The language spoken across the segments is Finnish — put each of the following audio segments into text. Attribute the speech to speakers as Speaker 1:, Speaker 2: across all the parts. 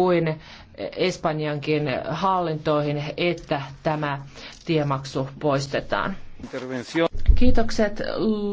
Speaker 1: kuin Espanjankin hallintoihin, että tämä tiemaksu poistetaan. Kiitokset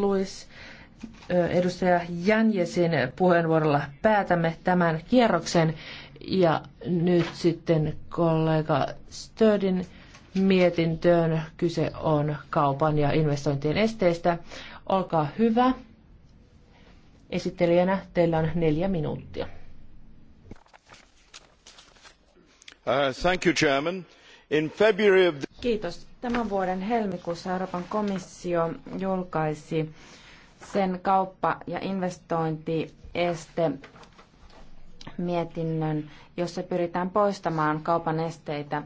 Speaker 1: Luis. Edustaja Jänjesin puheenvuorolla päätämme tämän kierroksen ja nyt sitten kollega Stödin mietintöön. Kyse on kaupan ja investointien esteistä. Olkaa hyvä. Esittelijänä teillä on neljä minuuttia.
Speaker 2: Uh, Kiitos. Tämän vuoden helmikuussa Euroopan komissio julkaisi sen kauppa- ja investointieste mietinnön, jossa pyritään poistamaan kaupan esteitä.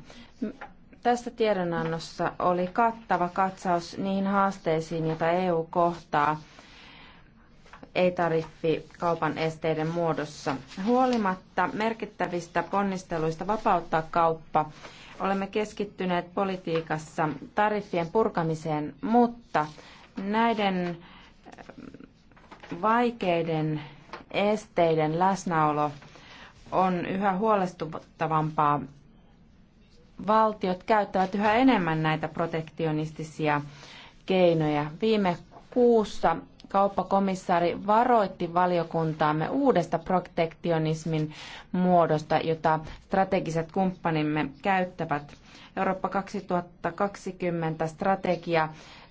Speaker 2: Tässä tiedonannossa oli kattava katsaus niihin haasteisiin, joita EU kohtaa ei-tariffi kaupan esteiden muodossa. Huolimatta merkittävistä ponnisteluista vapauttaa kauppa, olemme keskittyneet politiikassa tariffien purkamiseen, mutta näiden eh, vaikeiden esteiden läsnäolo on yhä huolestuttavampaa. Valtiot käyttävät yhä enemmän näitä protektionistisia keinoja. Viime kuussa kauppakomissaari varoitti valiokuntaamme uudesta protektionismin muodosta, jota strategiset kumppanimme käyttävät. Eurooppa 2020 strategia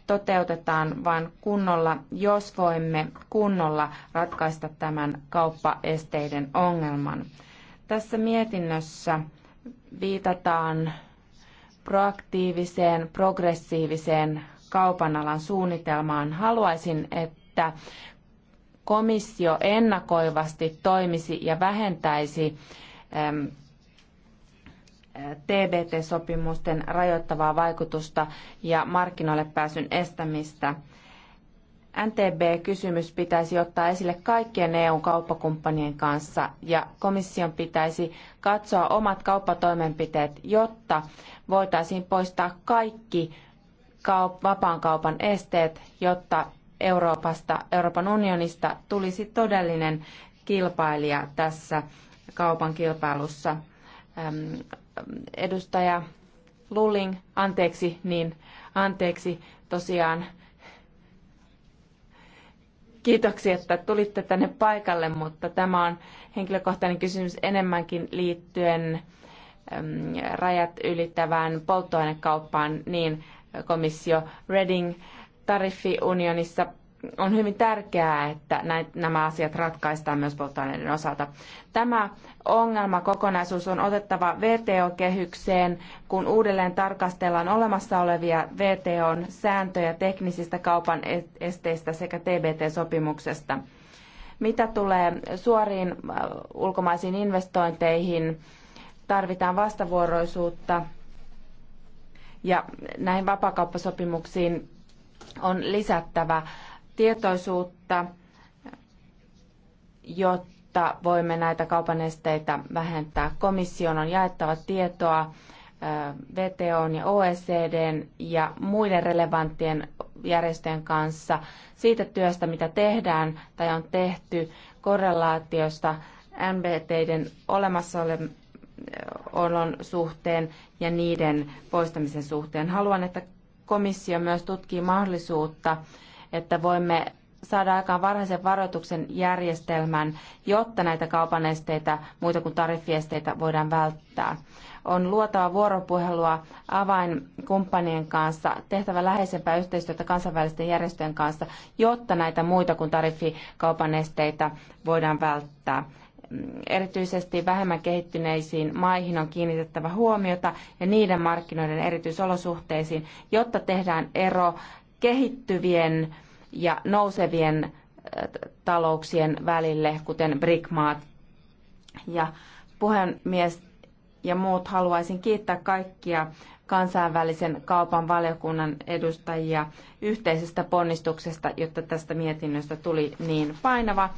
Speaker 2: toteutetaan vain kunnolla, jos voimme kunnolla ratkaista tämän kauppaesteiden ongelman. Tässä mietinnössä viitataan proaktiiviseen, progressiiviseen kaupanalan suunnitelmaan. Haluaisin, että että komissio ennakoivasti toimisi ja vähentäisi ähm, TBT-sopimusten rajoittavaa vaikutusta ja markkinoille pääsyn estämistä. NTB-kysymys pitäisi ottaa esille kaikkien EU-kauppakumppanien kanssa ja komission pitäisi katsoa omat kauppatoimenpiteet, jotta voitaisiin poistaa kaikki kaup- vapaan kaupan esteet, jotta Euroopasta, Euroopan unionista tulisi todellinen kilpailija tässä kaupan kilpailussa. Edustaja Lulling, anteeksi, niin anteeksi tosiaan. Kiitoksia, että tulitte tänne paikalle, mutta tämä on henkilökohtainen kysymys enemmänkin liittyen rajat ylittävään polttoainekauppaan, niin komissio Reding tariffiunionissa on hyvin tärkeää, että nämä asiat ratkaistaan myös polttoaineiden osalta. Tämä ongelmakokonaisuus on otettava VTO-kehykseen, kun uudelleen tarkastellaan olemassa olevia vto sääntöjä teknisistä kaupan e-, esteistä sekä TBT-sopimuksesta. Mitä tulee suoriin äh, ulkomaisiin investointeihin, tarvitaan vastavuoroisuutta ja näihin vapakauppasopimuksiin on lisättävä tietoisuutta, jotta voimme näitä kaupan esteitä vähentää. Komission on jaettava tietoa VTOn ja OECDn ja muiden relevanttien järjestöjen kanssa siitä työstä, mitä tehdään tai on tehty, korrelaatiosta MBTiden olemassaolon suhteen ja niiden poistamisen suhteen. Haluan, että komissio myös tutkii mahdollisuutta, että voimme saada aikaan varhaisen varoituksen järjestelmän, jotta näitä kaupan esteitä, muita kuin tariffiesteitä, voidaan välttää. On luotava vuoropuhelua avainkumppanien kanssa, tehtävä läheisempää yhteistyötä kansainvälisten järjestöjen kanssa, jotta näitä muita kuin tariffikaupan esteitä voidaan välttää erityisesti vähemmän kehittyneisiin maihin on kiinnitettävä huomiota ja niiden markkinoiden erityisolosuhteisiin, jotta tehdään ero kehittyvien ja nousevien talouksien välille, kuten BRIC-maat. Ja puhemies ja muut haluaisin kiittää kaikkia kansainvälisen kaupan valiokunnan edustajia yhteisestä ponnistuksesta, jotta tästä mietinnöstä tuli niin painava.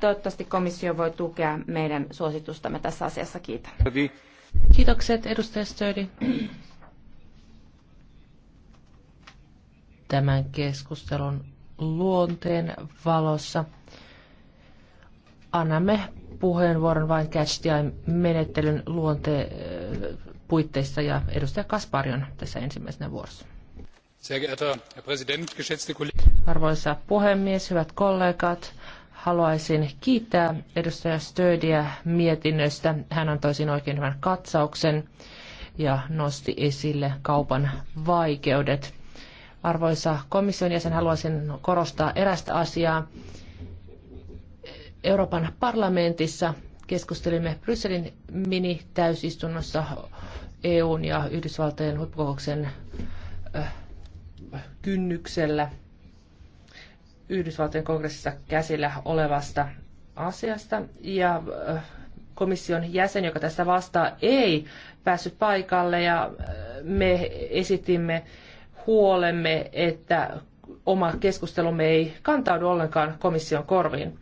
Speaker 2: Toivottavasti komissio voi tukea meidän suositustamme tässä asiassa. Kiitän.
Speaker 1: Kiitokset edustaja Stödi. Tämän keskustelun luonteen valossa annamme puheenvuoron vain catch menettelyn luonteen puitteissa ja edustaja Kaspari on tässä ensimmäisenä vuorossa. Arvoisa puhemies, hyvät kollegat, haluaisin kiittää edustaja Stödiä mietinnöstä. Hän antoi siinä oikein hyvän katsauksen ja nosti esille kaupan vaikeudet. Arvoisa komission jäsen, haluaisin korostaa erästä asiaa. Euroopan parlamentissa keskustelimme Brysselin mini-täysistunnossa EUn ja Yhdysvaltojen huippukokouksen äh, kynnyksellä Yhdysvaltojen kongressissa käsillä olevasta asiasta. Ja äh, komission jäsen, joka tästä vastaa, ei päässyt paikalle ja äh, me esitimme huolemme, että oma keskustelumme ei kantaudu ollenkaan komission korviin.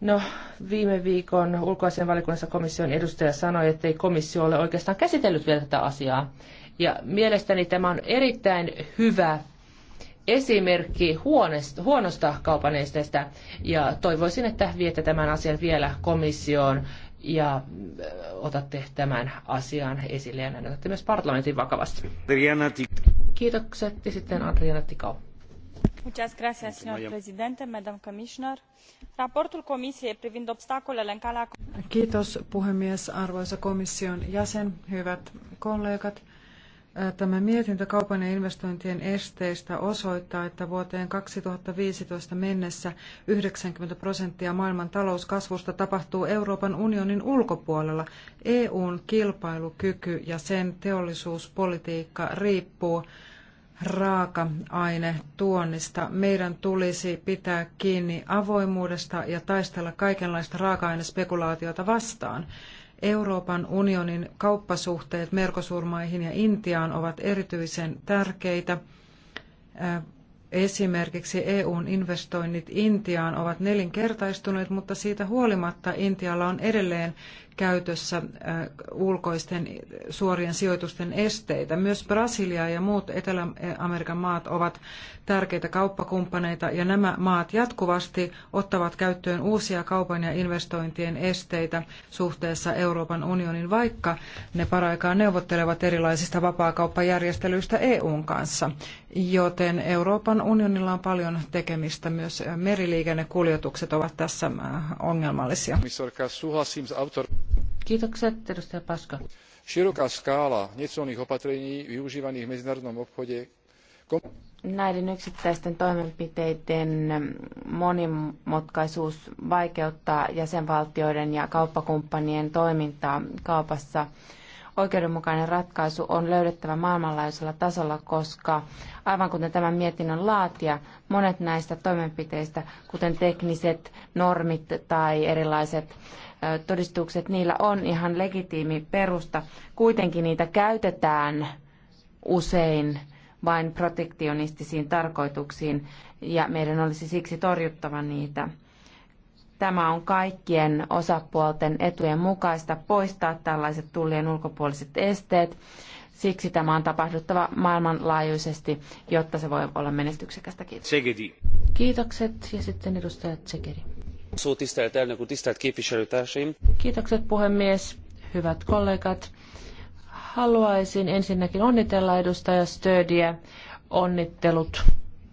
Speaker 1: No, Viime viikon ulkoisen valikunnassa komission edustaja sanoi, että ei komissio ole oikeastaan käsitellyt vielä tätä asiaa. Ja mielestäni tämä on erittäin hyvä esimerkki huonosta, huonosta kaupan esteestä ja toivoisin, että viette tämän asian vielä komissioon ja äh, otatte tämän asian esille ja näin otatte myös parlamentin vakavasti. Kiitokset ja sitten Adriana Tikau
Speaker 2: raportul comisiei privind obstacolele în calea.
Speaker 3: Kiitos puhemies, arvoisa komission jäsen, hyvät kollegat. Tämä mietintö kaupan ja investointien esteistä osoittaa, että vuoteen 2015 mennessä 90 prosenttia maailman talouskasvusta tapahtuu Euroopan unionin ulkopuolella. EUn kilpailukyky ja sen teollisuuspolitiikka riippuu raaka-aine tuonnista. Meidän tulisi pitää kiinni avoimuudesta ja taistella kaikenlaista raaka-ainespekulaatiota vastaan. Euroopan unionin kauppasuhteet Merkosurmaihin ja Intiaan ovat erityisen tärkeitä. Esimerkiksi EUn investoinnit Intiaan ovat nelinkertaistuneet, mutta siitä huolimatta Intialla on edelleen käytössä äh, ulkoisten suorien sijoitusten esteitä. Myös Brasilia ja muut Etelä-Amerikan maat ovat tärkeitä kauppakumppaneita ja nämä maat jatkuvasti ottavat käyttöön uusia kaupan ja investointien esteitä suhteessa Euroopan unionin, vaikka ne paraikaa neuvottelevat erilaisista vapaakauppajärjestelyistä EUn kanssa. Joten Euroopan unionilla on paljon tekemistä. Myös äh, meriliikennekuljetukset ovat tässä äh, ongelmallisia. Kiitokset, edustaja Paska.
Speaker 1: Široká skaala necolných opatrení využívaných v medzinárodnom obchode
Speaker 2: Näiden yksittäisten toimenpiteiden monimutkaisuus vaikeuttaa jäsenvaltioiden ja kauppakumppanien toimintaa kaupassa oikeudenmukainen ratkaisu on löydettävä maailmanlaajuisella tasolla, koska aivan kuten tämän mietinnön laatia, monet näistä toimenpiteistä, kuten tekniset normit tai erilaiset todistukset, niillä on ihan legitiimi perusta. Kuitenkin niitä käytetään usein vain protektionistisiin tarkoituksiin ja meidän olisi siksi torjuttava niitä. Tämä on kaikkien osapuolten etujen mukaista poistaa tällaiset tullien ulkopuoliset esteet. Siksi tämä on tapahduttava maailmanlaajuisesti, jotta se voi olla menestyksekästä. Kiitos. Segedi. Kiitokset
Speaker 1: ja sitten edustaja Tsegeri. Kiitokset puhemies, hyvät kollegat. Haluaisin ensinnäkin onnitella edustaja Stödiä. Onnittelut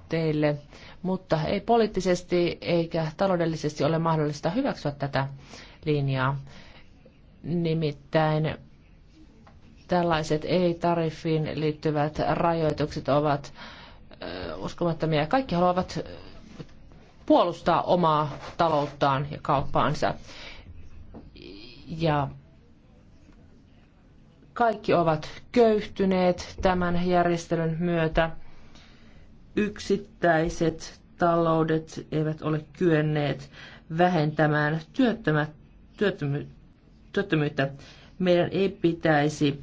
Speaker 1: teille mutta ei poliittisesti eikä taloudellisesti ole mahdollista hyväksyä tätä linjaa. Nimittäin tällaiset ei-tariffiin liittyvät rajoitukset ovat uskomattomia. Kaikki haluavat puolustaa omaa talouttaan ja kauppaansa. Ja kaikki ovat köyhtyneet tämän järjestelyn myötä yksittäiset taloudet eivät ole kyenneet vähentämään työttömy, työttömyyttä. Meidän ei pitäisi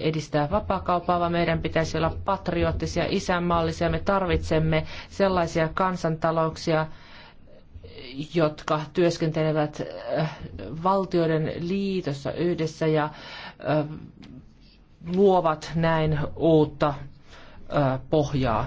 Speaker 1: edistää vapaakauppaa, vaan meidän pitäisi olla patriottisia, isänmaallisia. Me tarvitsemme sellaisia kansantalouksia, jotka työskentelevät valtioiden liitossa yhdessä ja luovat näin uutta pohjaa.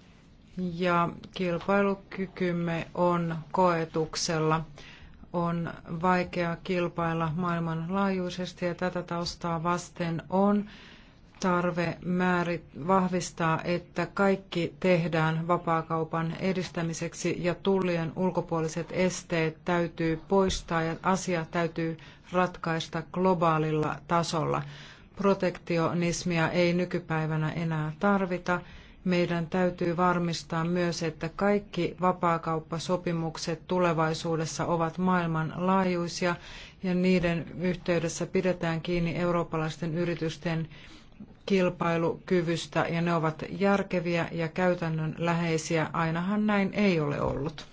Speaker 3: ja kilpailukykymme on koetuksella. On vaikea kilpailla maailmanlaajuisesti ja tätä taustaa vasten on tarve määrit, vahvistaa, että kaikki tehdään vapaakaupan edistämiseksi ja tullien ulkopuoliset esteet täytyy poistaa ja asia täytyy ratkaista globaalilla tasolla. Protektionismia ei nykypäivänä enää tarvita meidän täytyy varmistaa myös, että kaikki vapaakauppasopimukset tulevaisuudessa ovat maailmanlaajuisia ja niiden yhteydessä pidetään kiinni eurooppalaisten yritysten kilpailukyvystä ja ne ovat järkeviä ja käytännönläheisiä. Ainahan näin ei ole ollut.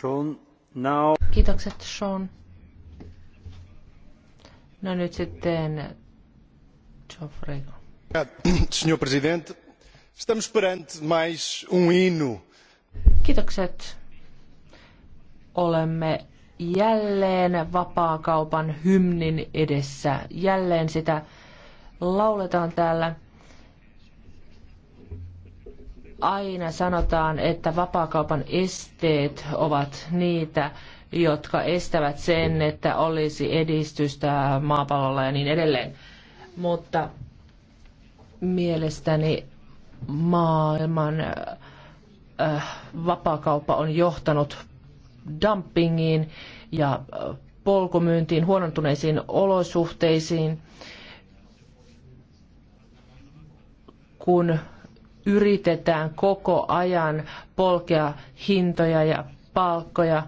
Speaker 3: Sean, now. Kiitokset Sean.
Speaker 1: No nyt sitten Geoffrey.
Speaker 3: Signor Presidente, Estamos perante mais um
Speaker 1: hino. Kiitokset. Olemme jälleen vapaakaupan hymnin edessä. Jälleen sitä lauletaan täällä. Aina sanotaan, että vapaakaupan esteet ovat niitä, jotka estävät sen, että olisi edistystä maapallolla ja niin edelleen. Mutta mielestäni maailman äh, vapaakauppa on johtanut dumpingiin ja äh, polkumyyntiin, huonontuneisiin olosuhteisiin, kun yritetään koko ajan polkea hintoja ja palkkoja,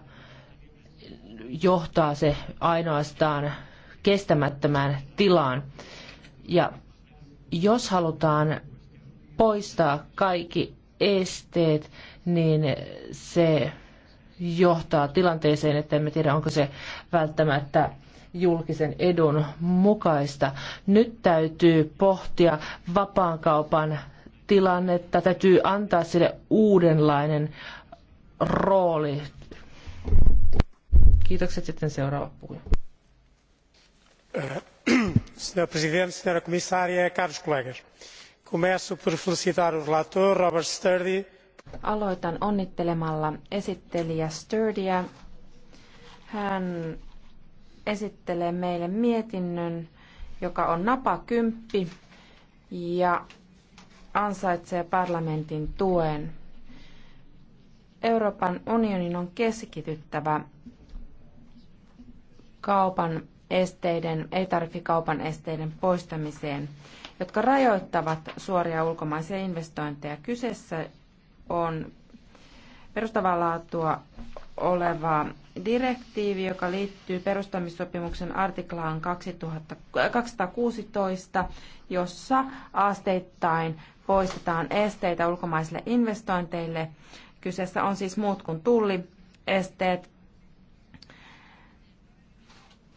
Speaker 1: johtaa se ainoastaan kestämättömään tilaan. Ja jos halutaan poistaa kaikki esteet, niin se johtaa tilanteeseen, että emme tiedä, onko se välttämättä julkisen edun mukaista. Nyt täytyy pohtia vapaankaupan tilannetta, täytyy antaa sille uudenlainen rooli. Kiitokset sitten seuraava
Speaker 3: puhuja. Senhor Presidente, senhora Comissária, caros colegas. Começo por felicitar o relator Robert Sturdy. Aloitan
Speaker 2: onnittelemalla esittelijä Sturdyä. Hän esittelee meille mietinnön, joka on napakymppi ja ansaitsee parlamentin tuen. Euroopan unionin on keskityttävä kaupan esteiden, ei-tarvikaupan esteiden poistamiseen jotka rajoittavat suoria ulkomaisia investointeja. Kyseessä on perustavanlaatua oleva direktiivi, joka liittyy perustamissopimuksen artiklaan 2000, 216, äh, jossa asteittain poistetaan esteitä ulkomaisille investointeille. Kyseessä on siis muut kuin tulliesteet.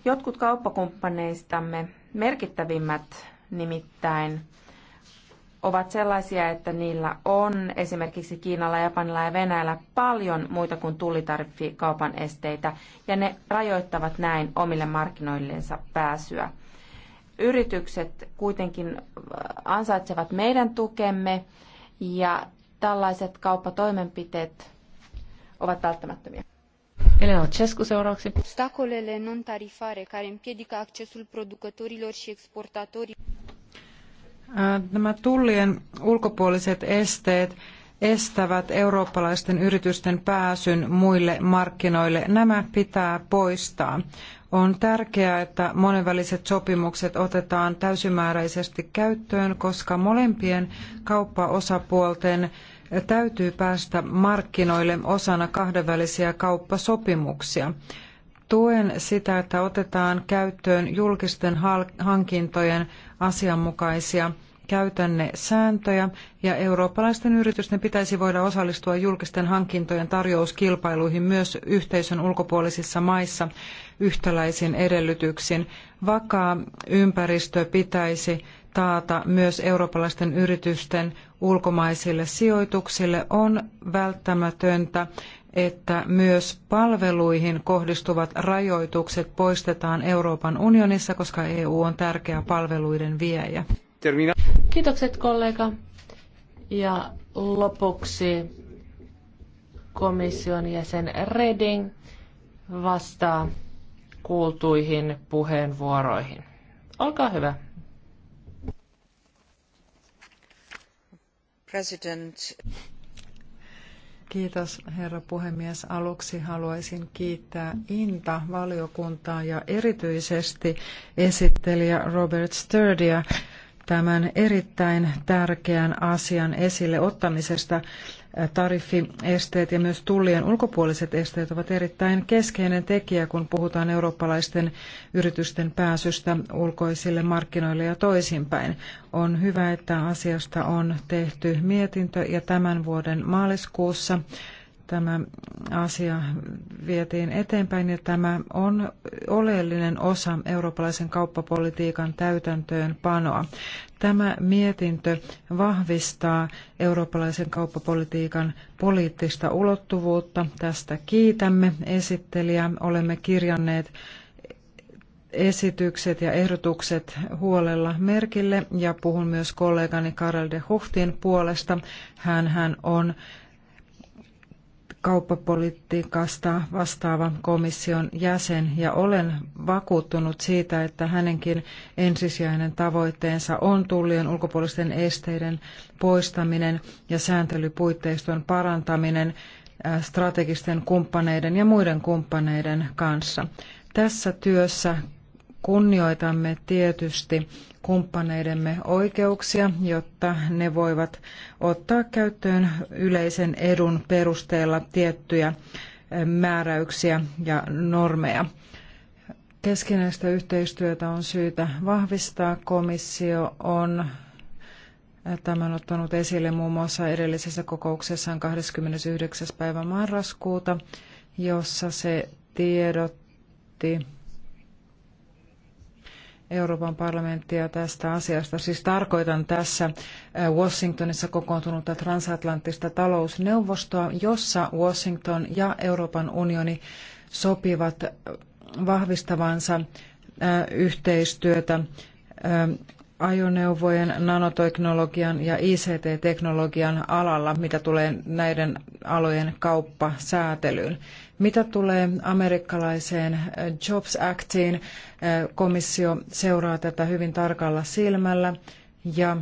Speaker 2: Jotkut kauppakumppaneistamme merkittävimmät nimittäin ovat sellaisia, että niillä on esimerkiksi Kiinalla, Japanilla ja Venäjällä paljon muita kuin tullitariffikaupan esteitä, ja ne rajoittavat näin omille markkinoillensa pääsyä. Yritykset kuitenkin äh, ansaitsevat meidän tukemme, ja tällaiset kauppatoimenpiteet ovat välttämättömiä.
Speaker 1: Elena Obstacolele
Speaker 2: non-tarifare care împiedică accesul producătorilor și exportatorilor.
Speaker 3: tullien ulkopuoliset esteet estävät eurooppalaisten yritysten pääsyn muille markkinoille. Nämä pitää poistaa. On tärkeää, että monenväliset sopimukset otetaan täysimääräisesti käyttöön, koska molempien kauppaosapuolten täytyy päästä markkinoille osana kahdenvälisiä kauppasopimuksia. Tuen sitä, että otetaan käyttöön julkisten hankintojen asianmukaisia käytännesääntöjä ja eurooppalaisten yritysten pitäisi voida osallistua julkisten hankintojen tarjouskilpailuihin myös yhteisön ulkopuolisissa maissa yhtäläisin edellytyksin. Vakaa ympäristö pitäisi taata myös eurooppalaisten yritysten ulkomaisille sijoituksille, on välttämätöntä, että myös palveluihin kohdistuvat rajoitukset poistetaan Euroopan unionissa, koska EU on tärkeä palveluiden viejä. Termina. Kiitokset kollega. Ja lopuksi
Speaker 1: komission jäsen Reding vastaa kuultuihin puheenvuoroihin. Olkaa hyvä.
Speaker 3: President. Kiitos herra puhemies. Aluksi haluaisin kiittää INTA-valiokuntaa ja erityisesti esittelijä Robert Sturdia tämän erittäin tärkeän asian esille ottamisesta tariffiesteet ja myös tullien ulkopuoliset esteet ovat erittäin keskeinen tekijä, kun puhutaan eurooppalaisten yritysten pääsystä ulkoisille markkinoille ja toisinpäin. On hyvä, että asiasta on tehty mietintö ja tämän vuoden maaliskuussa tämä asia vietiin eteenpäin ja tämä on oleellinen osa eurooppalaisen kauppapolitiikan täytäntöönpanoa. Tämä mietintö vahvistaa eurooppalaisen kauppapolitiikan poliittista ulottuvuutta. Tästä kiitämme esittelijää. Olemme kirjanneet esitykset ja ehdotukset huolella merkille ja puhun myös kollegani Karel de Huhtin puolesta. Hän, hän on kauppapolitiikasta vastaava komission jäsen ja olen vakuuttunut siitä, että hänenkin ensisijainen tavoitteensa on tullien ulkopuolisten esteiden poistaminen ja sääntelypuitteiston parantaminen äh, strategisten kumppaneiden ja muiden kumppaneiden kanssa. Tässä työssä kunnioitamme tietysti kumppaneidemme oikeuksia, jotta ne voivat ottaa käyttöön yleisen edun perusteella tiettyjä eh, määräyksiä ja normeja. Keskinäistä yhteistyötä on syytä vahvistaa. Komissio on eh, tämän ottanut esille muun muassa edellisessä kokouksessaan 29. päivä marraskuuta, jossa se tiedotti Euroopan parlamenttia tästä asiasta. Siis tarkoitan tässä äh, Washingtonissa kokoontunutta transatlanttista talousneuvostoa, jossa Washington ja Euroopan unioni sopivat äh, vahvistavansa äh, yhteistyötä ajoneuvojen, nanoteknologian ja ICT-teknologian alalla, mitä tulee näiden alojen kauppasäätelyyn. Mitä tulee amerikkalaiseen eh, Jobs Actiin, eh, komissio seuraa tätä hyvin tarkalla silmällä ja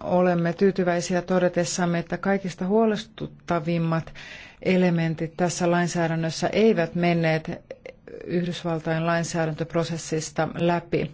Speaker 3: olemme tyytyväisiä todetessamme, että kaikista huolestuttavimmat elementit tässä lainsäädännössä eivät menneet Yhdysvaltain lainsäädäntöprosessista läpi.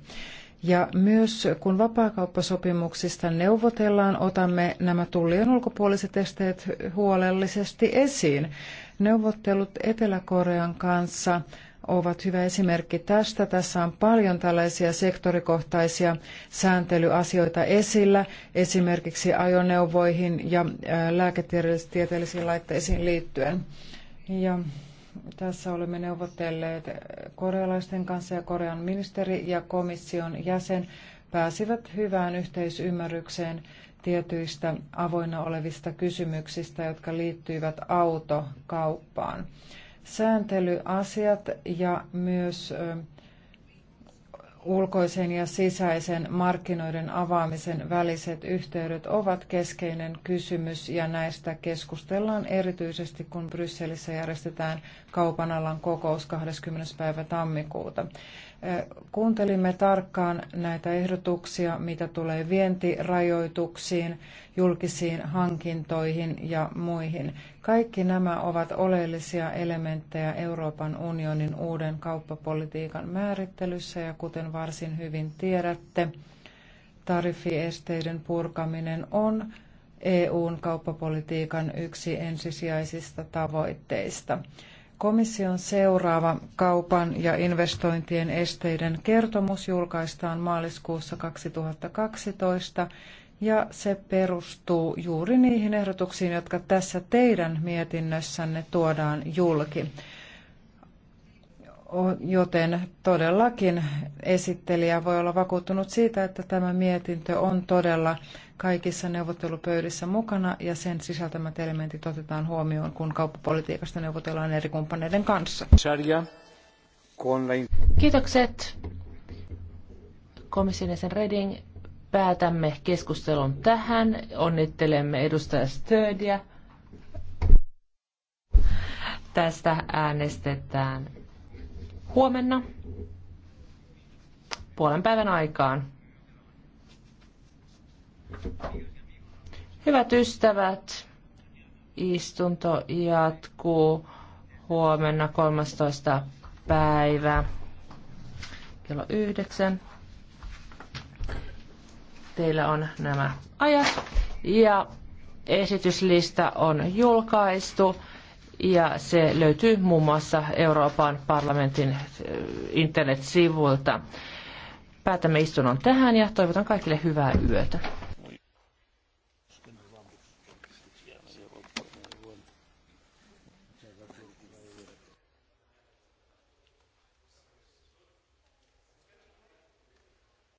Speaker 3: Ja myös kun vapaakauppasopimuksista neuvotellaan, otamme nämä tullien ulkopuoliset esteet huolellisesti esiin. Neuvottelut Etelä-Korean kanssa ovat hyvä esimerkki tästä. Tässä on paljon tällaisia sektorikohtaisia sääntelyasioita esillä, esimerkiksi ajoneuvoihin ja lääketieteellisiin laitteisiin liittyen. Ja tässä olemme neuvotelleet korealaisten kanssa ja Korean ministeri ja komission jäsen pääsivät hyvään yhteisymmärrykseen tietyistä avoinna olevista kysymyksistä, jotka liittyivät autokauppaan. Sääntelyasiat ja myös ulkoisen ja sisäisen markkinoiden avaamisen väliset yhteydet ovat keskeinen kysymys ja näistä keskustellaan erityisesti, kun Brysselissä järjestetään kaupan alan kokous 20. päivä tammikuuta. Kuuntelimme tarkkaan näitä ehdotuksia, mitä tulee vientirajoituksiin, julkisiin hankintoihin ja muihin. Kaikki nämä ovat oleellisia elementtejä Euroopan unionin uuden kauppapolitiikan määrittelyssä ja kuten varsin hyvin tiedätte, tarifiesteiden purkaminen on EUn kauppapolitiikan yksi ensisijaisista tavoitteista. Komission seuraava kaupan ja investointien esteiden kertomus julkaistaan maaliskuussa 2012 ja se perustuu juuri niihin ehdotuksiin, jotka tässä teidän mietinnössänne tuodaan julki joten todellakin esittelijä voi olla vakuuttunut siitä, että tämä mietintö on todella kaikissa neuvottelupöydissä mukana ja sen sisältämät elementit otetaan huomioon, kun kauppapolitiikasta neuvotellaan eri kumppaneiden kanssa.
Speaker 1: Kiitokset komission jäsen Reding. Päätämme keskustelun tähän. Onnittelemme edustaja Stödiä. Tästä äänestetään huomenna puolen päivän aikaan. Hyvät ystävät, istunto jatkuu huomenna 13. päivä kello 9. Teillä on nämä ajat ja esityslista on julkaistu ja se löytyy muun muassa Euroopan parlamentin äh, internetsivuilta. Päätämme istunnon tähän ja toivotan kaikille hyvää yötä.